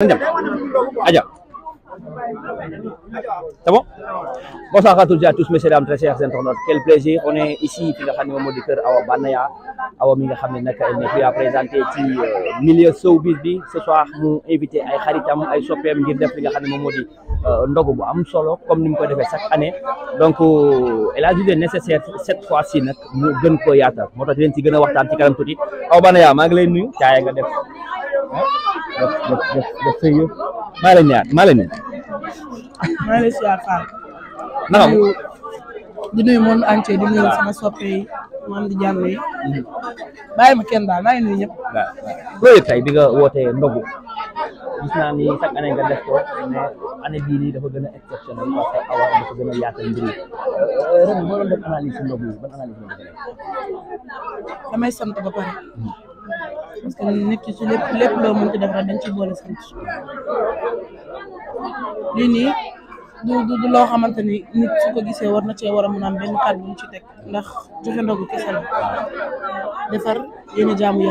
moo Aja. C'est bon Bonsoir à toutes et à tous, messieurs, dames, très chers internautes. Quel plaisir. On est ici, puis le Khanyo Modiker, Awa Banaya, Awa Minga Khamenaka, elle n'est plus à présenter eh, le milieu Soubisbi. Ce soir, nous invité à Kharitam, à Sopem, Girdef, le Khanyo Modi, Ndogobo, Amsolo, comme nous ko defee chaque année. Donc, elle a dû le nécessaire cette fois-ci, nous avons fait un peu de temps. Nous avons fait un peu de temps. Awa Banaya, je vous remercie. def def def def sa yëf maa la ñaar maa la ñaar. maa la di nuyu monde entier di nuyu soppe man di jàmm yi. ma kenn daal maa ngi nuyu ñëpp. waaw waaw loolu tey bi nga wootee ndogu gis naa ni chaque année nga def ko mais année bii nii dafa gën a exceptionnel parce que awa dafa gën a yaatal mbir yi ba pare. parce que nit ki su lépp lépp loo mën ci def rek dañ ci boole sant lii nii du du du loo xamante ni nit su ko gisee war na cee war a mën a am benn kàddu bu ñu teg ndax joxe ndogu kese la defar yéen a jaamu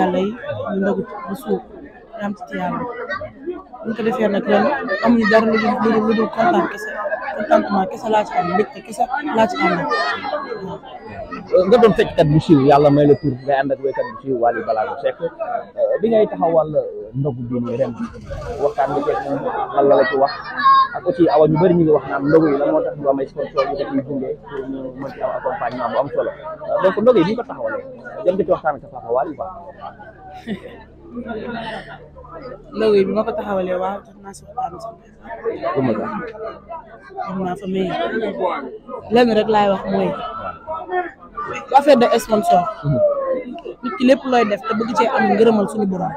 bu suuf am ci defee nag ren amuñu dara lu dul lu dul kontaan kese contentement kese laa ci am mbégte kese laa ci am nga doon fecckat bu siiw yàlla may la tur nga ànd ak waykat bu siiw Wally Ballago Seck eh, bi ngay taxawal eh, ndogu bi nii ren waxtaan nga ceeg moom la la ci wax ak aussi awa ñu bëri ñu wax naan ndogu yi lan moo tax ñu sponsor ñu def ñu gunge pour ñu mën ci accompagnement bu am solo eh, donc ndogu yi ni ci ak yi bi ma ko tax naa si waxtaan am naa fa mais lenn rek laay wax mooy bu affaire de sponsor mhm. nit ki lépp looy def te bëgg cee am ngërëmal suñu borom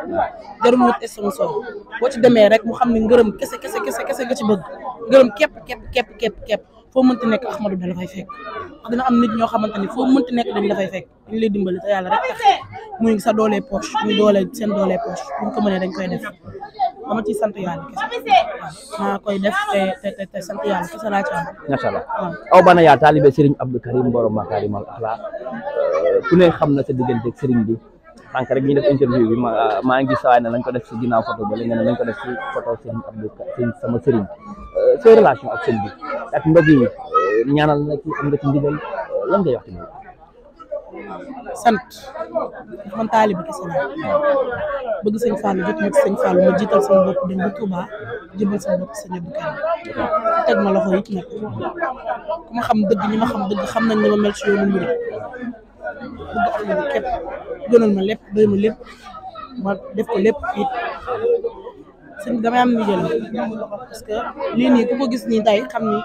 jarul wut sponsor boo ci demee rek mu xam ne ngërëm kese kese kese kese nga ci bëgg ngërëm képp képp képp képp képp foo mënti nekk Ahmadou da la fay fekk ndax am nit ñoo xamante ni foo mënti nekk dañ la fay fekk dañ lay dimbali te yàlla rek tax muy sa doolee poche muy doole seen doolee poche buñ ko mënee dañ koy def dama ciy sant yàlla kese maa koy def te te te sant yàlla kese laa ci am. macha allah aw bana yaa taalibe Serigne Abdou Karim borom Makarimal Akhlaq euh, ku xam na sa diggante ak Serigne bi sànq rek ñu def interview ma maa ngi sawaay ne lañ ko def si ginnaaw photo ba léegi ne lañ ko def si photo Serigne Abdou Karim sama Serigne euh, sa relation ak Serigne bi ak mbokk yi euh, ñaanal na ci am nga ci ndigal lan ngay wax sant ndax man taalibe kese laa bëgg sëñ Fallou jot ma ci sëñ Fallou ma jiital sama bopp dem ba Touba jëmbal sama bopp sëñ Abdou Karim teg ma loxo it nag ku ma xam dëgg ñi ma xam dëgg xam nañ ni ma mel ci yoonu murid bëgg Ahmadou képp def ko lépp it sëñ damay am ndigal lii nii ku ko gis nii tey xam ni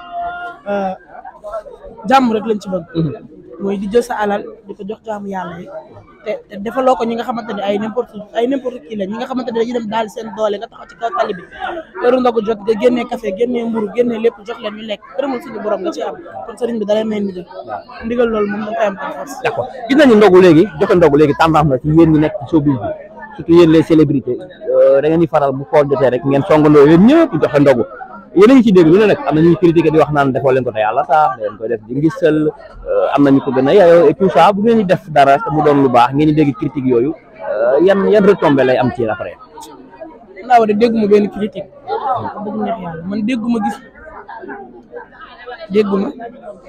euh, jàmm rek lañ ci bëgg mhm. mooy di jël sa alal di ko jox jaamu yàlla te te defaloo ko ñi nga xamante ne ay n'importe ay n'importe qui la ñi nga xamante ne dañuy dem daal seen doole nga taxaw ci kaw tali bi heure ndogu jot nga génnee café génnee mburu génnee lépp jox leen ñu lekk gërëmal suñu borom nga ci am kon sëriñ bi da lay may ndigal moom da koy am par léegi joxe ndogu léegi tendance la ci nekk ci showbiz bi surtout euh, da ngeen di faral bu koor jotee rek ngeen songandoo yéen ñëpp joxe ndogu yéen a ci dégg lu ne nag am na ñuy critiqué di wax naan defoo leen ko te yàlla sax leen koy def di ngisal euh, am nañu ko gën a yayoo et tout bu ngeen di def dara te mu doon lu baax ngeen di dégg critique yooyu euh, yan yan retombé lay am ci après. naa war a dégg ma benn critique dëgg neex yàlla dégg ma gis dégg ma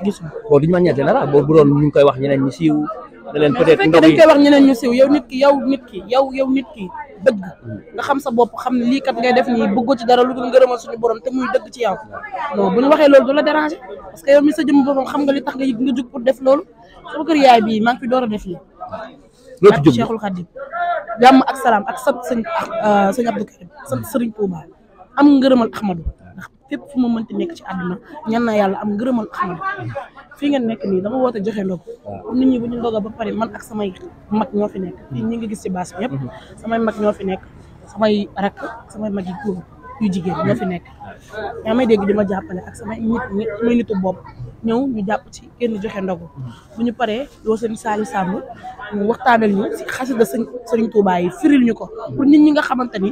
gis ma. boo duñu ma ñetteel dara boo bu doon ñu koy wax ñeneen ñi siiw. da leen peut être ndox yi koy wax ñeneen ñu siw yow nit ki yow nit ki yow yow nit ki dëgg nga xam sa bopp xam ne lii kat ngay def nii bëggoo ci dara lu dul ngërëmal suñu borom te muy dëgg ci yow non bu ñu waxee loolu du la déranger parce que yow mi sa jëm boppam xam nga li tax nga nga jug pour def loolu sama kër yaay bii maa ngi doora door a def lii loolu Cheikhul Khadim jàmm ak salaam ak sa sëñ euh, sëñ Abdou Karim sa sëriñ Touba am ngërëmal Ahmadou ndax fépp fu ma mënti nekk ci àdduna ñan na yàlla am ngërëmal Ahmadou fii ngeen nekk nii dama woote joxe ndogu comme nit ñi bu ñu ndoga ba pare man ak samay mag ñoo fi nekk fii hmm. ngi gis ci baas bi yëpp hmm. samay mag ñoo fi nekk samay rakk samay mag yi góor yu jigéen ñoo fi nekk yaa may dégg di ma jàppale ak samay nit samay nitu bopp ñëw ñu jàpp ci kenn joxe ndogu hmm. bu ñu paree loo seen saali sàmb mu waxtaanal ñu si xasida sëñ sëriñ Tuubaa yi firil ñu ko pour nit ñi nga xamante ni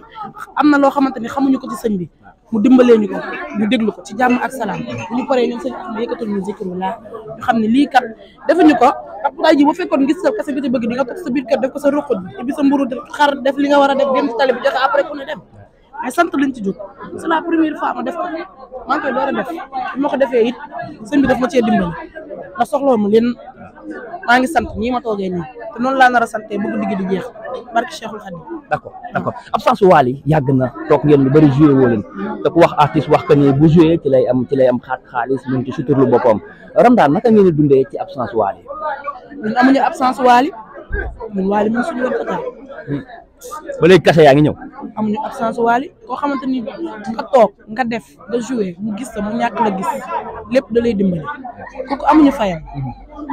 am na loo xamante ni xamuñu ko ci sëñ bi mu dimbalé ñu ko ñu déglu ko ci jamm ak salaam bu ñu paree ñoom sëñ Ahmed yëkkatul ñu zikrullah ñu xamni li kat kat ñu ko ak tay ji bu fekkon gis sa kasse bi te bëgg di nga toog sa biir kat def ko sa ci bi sa mburu def xar def li nga wara def dem ci tali bi après ku ne dem ay sant lañ ci jóg c'est la première fois ma def ko man koy doora def mo ko defé it sëñ bi daf ma ci dimbal ndax soxlo mu len ma ngi sant ñi ma togué ni te non la nar a sante bëgg digg di jeex barke Cheikhul Khadim d'accord d'accord absence Wally yàgg na toog ngeen lu bëri joué woo leen te ku wax artiste wax que ni bu joué ci lay am ci lay am xaat xaalis mun ci suturlu boppam Ramdan naka ngeen di dundee ci absence Wally ñun amuñu absence Wally ñun Wally mun suñu war kataar hmm. ba léegi kase yaa ngi ñëw amuñu absence Wally koo xamante nga toog nga def nga joué mu gis sa mu ñàkk la gis lépp da lay dimbali amuñu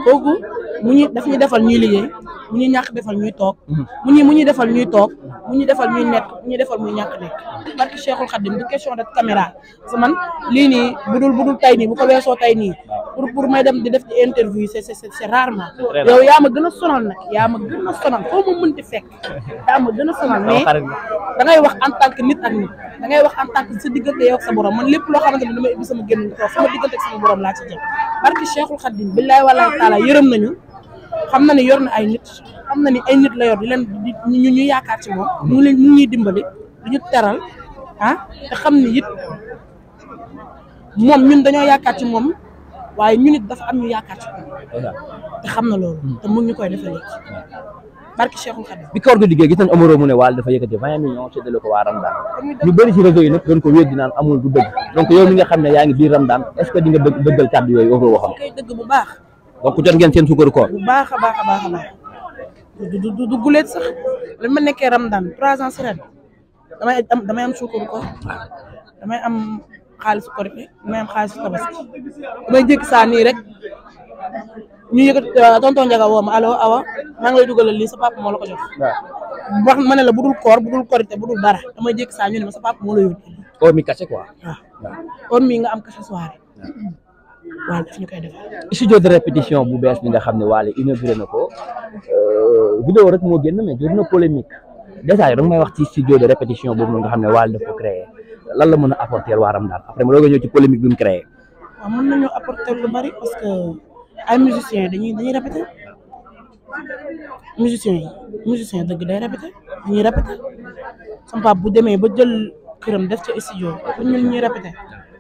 kooku mu ñu daf ñu defal ñuy liggéey ñu ñàkk defal ñuy toog mu ñu mu ñuy defal ñuy toog mu ñu defal ñuy mu ñu defal muy ñàkk nekk barki Cheikhul Khadim de caméra man lii nii bu dul bu dul tey nii bu ko weesoo tey nii pour pour may dem di def ci interview c'est c'est c'est rarement yow yaa ma gën a sonal nag yaa ma gën a sonal foo ma mënti a da ngay wax en ak nit da ngay wax en tant que sa diggante yow lépp loo xamante ne sama génn toog sama laa ci jëm billaay walaay wa yërëm nañu xam na ne yor na ay nit xam na ni ay nit la yor di leen ñu ñu yaakaar ci moom leen ñu dimbali du ñu teral ah xam ni it moom ñun dañoo yaakaar ci moom waaye ñun it dafa am te xam na loolu te mu ngi koy defal léegi barki Cheikhul Khadim bi koor gi liggéey gis nañ Omaro mu ne Wally dafa yëkkati vingt millions séddale ko waa Ramadan ñu bëri ci réseau yi nag doon yow mi nga xam ne yaa ngi biir Ramadan est-ce que di nga dëggal kàddu yooyu Omaro waxoon koy dëgg bu baax donc jot ngeen seen suukaru koor. bu baax a baax a baax a baax du du guleet sax ma nekkee Ramadan trois ans si ren damay am damay am suukaru koor damay am xaalis korite damay am xaalis tabaski damay jékki saa nii rek ñu yëkkat euh, tonton Ndiaga woo ma allo Awa maa ngi lay dugalal lii sa papa moo la ko jox. waaw wax ma ne la budul koor budul korite budul dara damay jékki saa sa papa moo la yóbbu. or mi kase quoi. waaw mi nga am kase soirée. waaye daf de répétition bu bees bi nga xam ne Wally inauguré na ko euh, vidéo rek moo génn mais jur na polémique dèjà yow da may wax ci studio de répétition boobu nga xam ne Wally daf ko créé lan la mën a apporter waa Ramadane après ma doog a ñëw ci polémique bi mu créé. waaw mën nañoo apporter lu bari parce que ay musiciens dañuy dañuy répéter musiciens day répéter dañuy répéter sama papa bu demee ba jël këram def ca studio ñun ñuy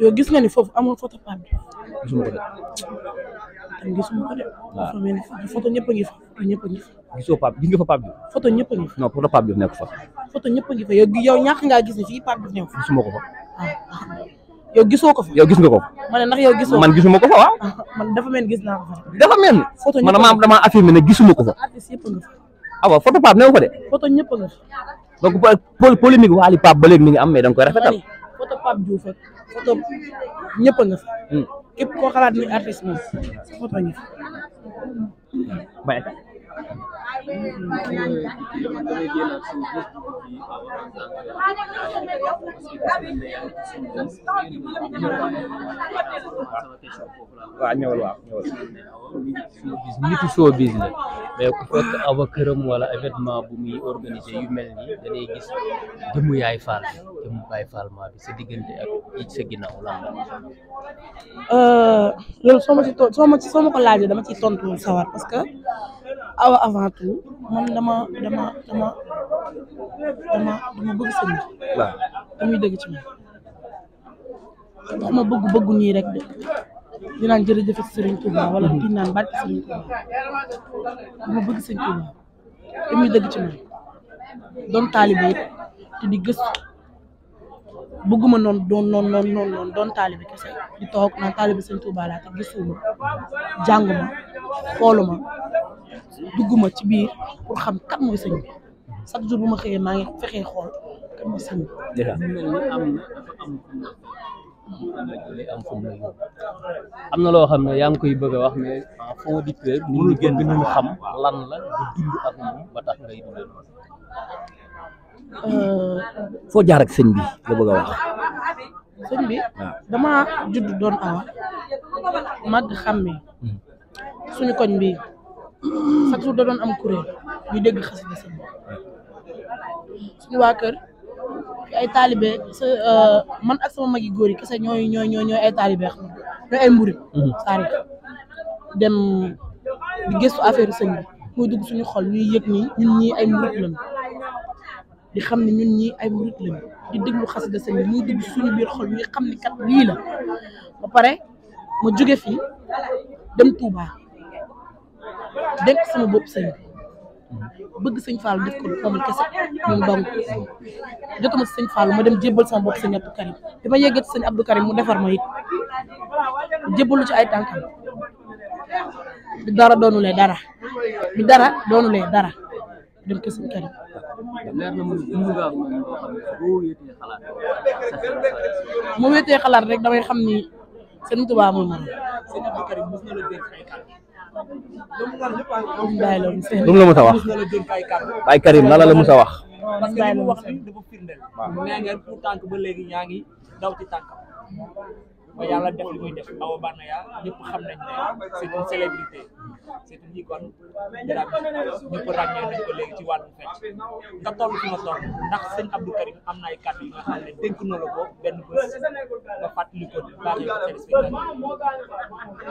yow gis nga ni foofu amul photo Pape Diouf. gisuma ko de. tamit gisuma ko de. waaw foofu photo ñëpp a ngi fa photo ñëpp a ngi fa. gisoo Pape gis nga fa Pape Diouf. photo ñëpp a ngi fa. non photo Pape Diouf nekk fa. photo ñëpp a ngi fa yow yow ñàkk ngaa gis ne fii Pape Diouf nekk fa. gisuma ko fa. Ah, ah. yow gisoo ko fa. yow gis nga ko fa. ma ne ndax yow gisoo man gisuma ko fa waaw. Ah, man dafa mel gis naa ko fa. dafa mel. photo ñëpp a ngi fa man damaa affirmé ne gisuma ko fa. artiste yëpp a ngi fa. ah waaw photo Pape nekk fa de. photo ñëpp a ngi fa. donc polémique Wally Pape ba léegi mi ngi am mais da nga koy rafetal photo Pape Diouf photo ñëpp a nga fa. képp koo xalaat ni artiste baik photo waaw ñëwal waaw ñëwal nitu showbiz la mais ku fekk awa këram wala événement bu muy organisé yu mel nii danay gis jëmu yaay faal jëmu baay faal maa bi sa diggante ak sa ginnaaw lan la euh, loolu soo ma ci soo ma ci soo ma ko laajee dama ciy tontu sawar parce que awa avant tout man dama dama dama dama bëgg sëñ bi. waaw dëgg ci moom. ndax bëgg bëggu nii rek de di naan jërëjëf sëriñ Touba wala di naan barke sëriñ Touba dama bëgg sëñ Touba dañuy dëgg ci moom doon taalibe di gëstu bëgguma noonu doon noon noon noon noonu doon taalibe kese di toog naan taalibe sëñ Touba laa te gisuma jànguma xooluma dugguma ci biir pour xam kan mooy sëñ chaque jour bu ma xëyee maa ngi fexee xool kan ma sànni. am na loo xam ne yaa ngi koy bëgg a wax mais en fond xam lan la euh, foo jaar ak sëñ bi la bëgg a wax. sëñ bi ah. dama judd doon awa màgg xàmmee hmm. suñu koñ bi chaque jour da doon am kuréel ñu dégg xasida sëñ bi suñu waa kër ay taalibe sa man ak sama mag yi góor yi kese ñooy ñooy ñooy ay taalibe xam ñooy ay mburit saari dem di gëstu affaire sëñ bi muy dugg suñu xol ñuy yëg ni ñun ñii ay mburit lañu di xam ne ñun ñii ay mburit lañu di déglu xasida sëñ bi muy dugg suñu biir xol ñuy xam ni kat lii la ba pare ma jóge fii dem Touba. dénk sama bopp sëñ bi bëgg sëñ Fallou def ko lu xamul kese moom dong jotuma si sëñ Fallou ma dem jébbal sama bopp sëñ Abdou Karim bi ma yeggee ci sëñ Abdou Karim mu defar ma it jébbalu ci ay tànkam bi dara doonulee dara bi dara doonulee dara dem ko sëñ Karim mu wéetee xalaat rek damay xam ni sëñ Tuubaa mooy lu mu la musa wax Baay Karim lan la musa wax ba yàlla def li muy def Awa Banaya ñëpp xam nañ ne c'est une célébrité c'est une icône dara ñëpp ràññee nañ ko léegi ci wàllu fecc nga toll fi nga toll ndax sëñ Abdou Karim am na ay kàddu yi nga xam ne dénk na la ko benn bés nga fàttali ko baax yi téléspectateur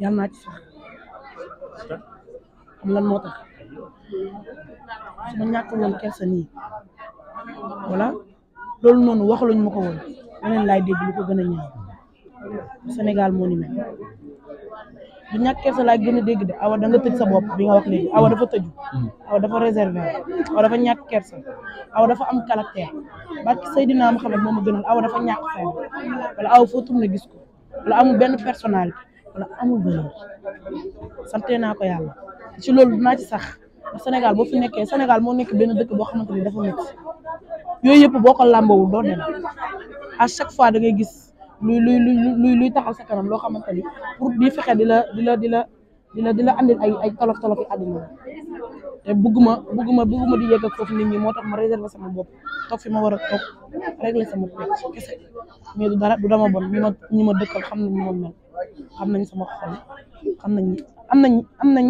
yàlla naa ci sax xam lan moo tax su ma woon kersa nii voilà loolu noonu waxaluñ ma ko woon leneen laay dégg di ko gën a ñaaw Sénégal moo ni mel gën a dégg de awa danga tëj sa bopp bi nga wax léegi awa dafa tëju hmm. awa dafa réservé awa dafa ñàkk kersa awa dafa am caractère barki Seydina Muhammad moo ma gënal awa dafa ñàkk fayam wala awa foo tourné gis ko wala amul benn personnalité wala amul douleur sante naa ko yàlla si loolu dinaa ci sax ndax Sénégal boo fi nekkee Sénégal moo nekk benn dëkk boo xamante ni dafa métti yooyu yëpp boo ko làmbawul doo dem à chaque fois da ngay gis luy luy luy luy sa kanam loo xamante ni pour di fexe di la di la di la di la ay ay tolof tolof yi àddina te bugguma bugguma bugguma di yegg foofu nit ñi moo tax ma réserver sama bopp toog fi ma war a toog régler sama pecc kese mais du dara du dama bon ñi ma ñi ma dëkkal xam nañ ni ma xam nañ sama xol xam nañ am nañ am nañ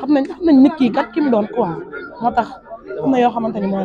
xam nañ xam nañ nit ki kat ki mu doon quoi moo tax am na yoo xamante ni mooy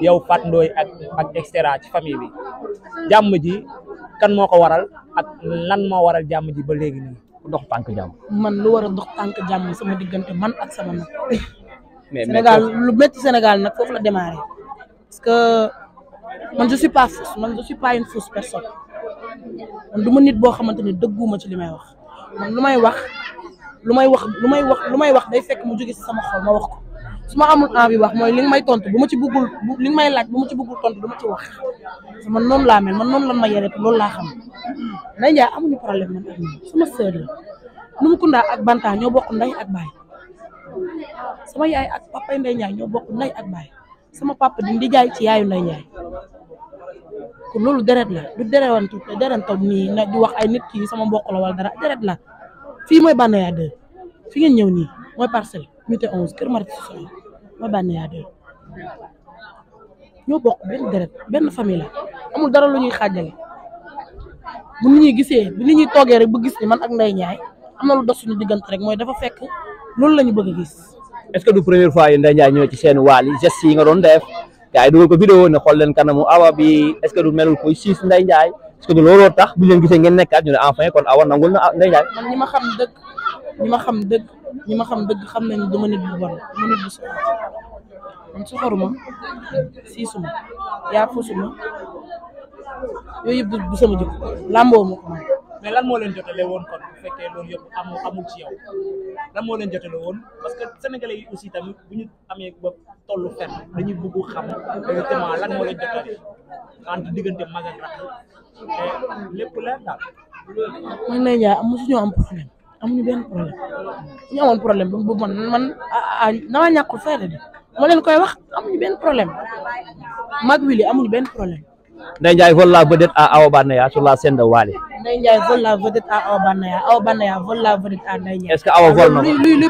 yow Fat ndoy ak ak extra ci famille bi jamm ji kan moko waral ak lan mo waral jamm ji ba legui ni dox tank jamm man lu war a dox tank jamm sama diggante man ak sama nak Sénégal lu metti Sénégal nak fofu la démarré parce que man je suis pas fausse man je suis pas une fausse personne man duma nit bo xamanteni ni ci limay wax man lumay wax lumay wax lumay wax lumay wax day fekk mu jóge si sama xol ma wax ko suma amul envie wax moy li may tontu bu ci bugul li nga may laaj bu ci bugul tontu du ci wax man non la mel man non lan ma yere loolu la xam nay ja amuñu problème man suma sœur la Numu Kunda ak Banta ño bokk nday ak bay sama yaay ak papa nday Ndiaye ño bokk nday ak bay sama papa di di jaay ci yaayu nday Ndiaye ko lolou deret la du derewantu te derantaw ni na di wax ay nit ki sama mbokk la wal dara deret la fi moy Banaya de fi ngeen ñëw nii mooy parcelle unité 11 keur Marti Sow ma ya doy ñoo bokk ben deret ben famille la amul dara lu ñuy xajjal bu nit ñi gisé bu nit ñi toogee rek bu gis ni man ak nday Ndiaye amna lu dossu ñu digënt rek moy dafa fekk loolu lañu bëgg gis. est-ce que du première fois yi nday Ndiaye ñoo ci seen waal yi yi nga doon def gaay yi ko vidéo ne xol leen kanamu awa bi est-ce que du melul koy six nday Ndiaye est-ce que du looloo tax bu ñu leen gisee ngeen nekkat ñu enfin kon awa nangul na nday Ndiaye. man ñima xam dëgg ñima xam dëgg. ñu ma xam dëgg xam nañ dama nit bu bon dama nit bu soxor man soxoruma siisuma yaafusuma yooyu yëpp du sama jikko làmboo ma ko man lan moo leen jotale woon kon bu fekkee loolu yëpp amu amul ci moo leen jotale parce que sénégalais yi aussi tamit bu ñu amee ba tollu fenn dañuy bëgg xam exactement lan moo leen jotale entre diggante mag ak rakk lépp la daal. man lay jaay am mosuñoo am amuñu benn problème ñu amoon problème bu man man ah, ah, damaa ñàkkul fayda bi ma leen koy wax amuñu benn problème mag wili amuñu benn problème. Ndeye Ndiaye vole la vedette à Awa Banaya sur la scène de Wally. Ndeye Ndiaye vole la sen à Awa Banaya Awa Banaya vole la vedette à Ndeye bi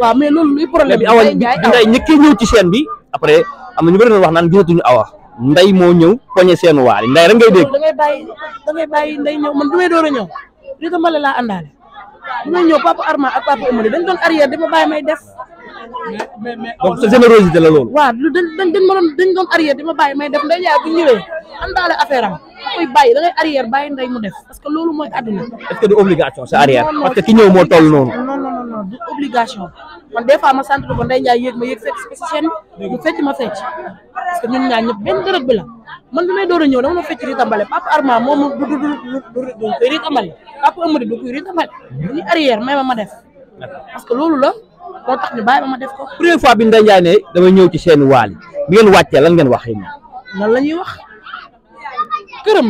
waaw mais loolu luy problème bi. Ndeye Ndiaye Awa Ndeye ñëkkee ñëw ci scène bi après am na ñu bëri doon wax naan gisatuñu Awa. Ndeye moo ñëw poñe seen Wally Ndeye rek ngay dégg. da ngay bàyyi da ngay bàyyi Ndeye ñëw man du may door a dina mala la andale bu may papa Arma ak papa Amady dañ doon arrière dama baye may def. mais mais donc sa générosité la lool wa lu dañ dañ dañ ma doon dañ doon arrière dama baye may def nday ya bu ñëwee andale affaire am koy baye da ngay arrière baye nday mu def parce que loolu moy aduna est ce que du obligation c'est arrière. parce que ki ñëw mo toll noonu. non non non du obligation man des fois ma centre ko nday ya yéeg ma yéeg fekk si mu fecc ma fecc parce que ñun ñaan ñep ben dërëb bi la man dumay may ñew dama fecc ri tambalé papa arma mom du du du du koy ri tambalé papa amadi du koy ri tambalé ni arrière may ma ma def parce que lolu la moo tax ñu baye ma ma def ko première fois bi Ndeye Ndiaye dama ñew ci seen waali bi ngeen wàccee lan ngeen wax ni lan lañuy wax kërëm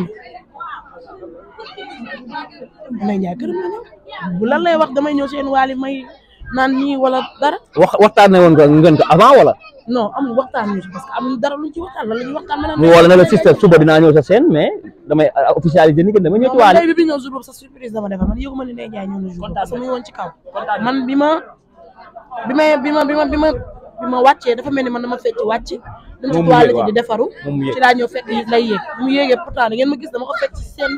Ndeye Ndiaye këram la bu lan lay wax damay ñew seen waali may naan nii wala dara. wax waxtaanee woon nga ngeen ko avant wala. non amul waxtaan ñu parce amul dara lu ci waxtaan lan la ñuy waxtaan. ñu woo la ne la sister suba ñëw sa seen mais damay ah, ah, officialisé ni que dama ñëw ci waale. waaw bi ñëw jour boobu sa surprise dama defar man yëgu ma ne Ndeye ñëw na jour boobu man bi ma bi ma bi ma bi ma bi ma bi ma wàccee dafa mel ni man dama fecc wàcc. moom mu yéeg waaw ci di defaru. ci laa ñëw fekk lay yéeg mu yéegee pourtant da ngeen ma gis dama ko fekk ci seen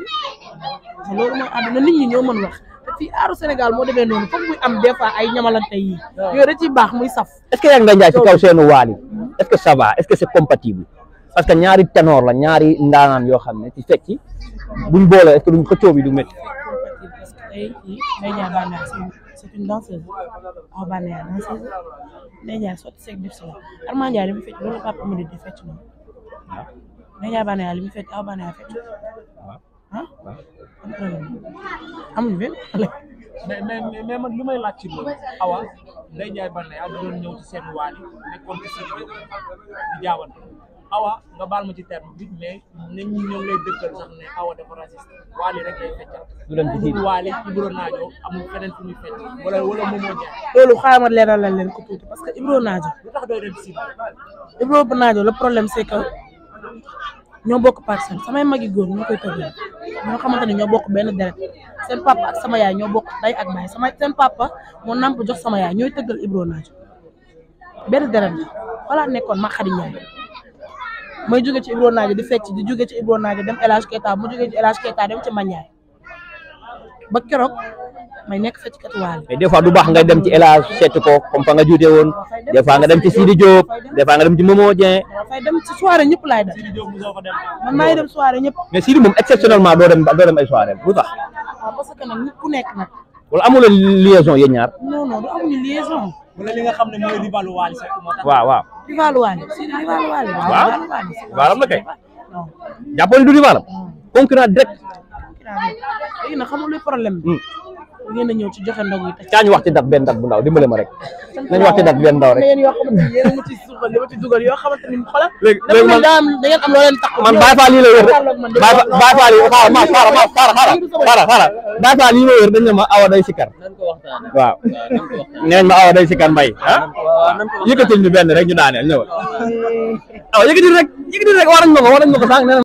bi loolu mooy àdduna nit ñi ñoo mën te fii aaru Sénégal moo demee noonu foog muy am des ay ñamalante yi yooyu da ciy baax muy saf est ce que yaa njaay ci kaw seenu waali est que ça va que c'est compatible parce que ñaari ténor la ñaari ndaanaan yoo xam ne ci fekki buñ boole est que duñ xëccoo bi du métti c'est une danseuse aw bànn fecc loolu papa fecc amuñu benn mais mais mais man li may laaj ci loolu awa day jaay ban la da doon ñëw ci seen waal yi nekkoon ci seen di jaawante awa nga baal ma ci terme bi mais nañ ñoom lay dëkkal sax ne awa dafa raciste waal yi rek lay feccal. du leen ko jiitu waal Ibro Naajo amul feneen fu muy fecc wala wala moom moo jaay. loolu xaaral ma leeralal leen ko tuuti parce que Ibro Naajo. lu tax doy leen si Ibro ñoo bokk sama samay magi góor ñoo koy tëggal ñoo xamante ne ñoo deret papa ak sama yaay ñoo bokk day ak sama seen papa moo namp jox sama yaay ñooy tëggal Ibro Nadio benn deret wala nekkoon ma xadi ñaay may jóge ci Ibro Nadio di fecc di jóge ci Ibro Nadio dem El Hadj Keita mu jóge ci dem ci Mandiaye ba may nekk feccikatu waale mais des du baax ngay dem ci El Hadj seeti ko comme fa nga juutee woon des fois nga dem ci Sidi Diop des fois nga dem ci Momo Dieng fay dem ci soirée ñëpp laay dem man maay dem soirée ñëpp mais Sidi exceptionnellement doo dem doo dem ay soirée lu tax waaw ah, parce que nag nit ku nekk nag wala amuleen liaison yéen ñaar non non du amuñu liaison wala li nga xam ne mooy rivalu waale sax moo tax waaw waaw rivalu waale Sidi rivalu waale waaw waalam la kay jàppoon du rivalam concurrent direct léegi nag xamul bi hmm. ngeen a ñëw ci joxe ndogu yi te caañ wax ci dat benn dat bu ndaw dimbale ma rek nañ wax ci dat benn ndaw rek a man da ngeen am loo yi la wër Baye Fall yi xaaral ma xaaral ma xaaral xaaral xaaral Baye Fall yi la wër dañ ne ma awa day sikar waaw nee ma awa day sikar mbay ah yëkkatil ñu benn rek ñu daaneel ñëwal awa yëkkatil rek yëkkatil rek war ma ko war ma ko sànq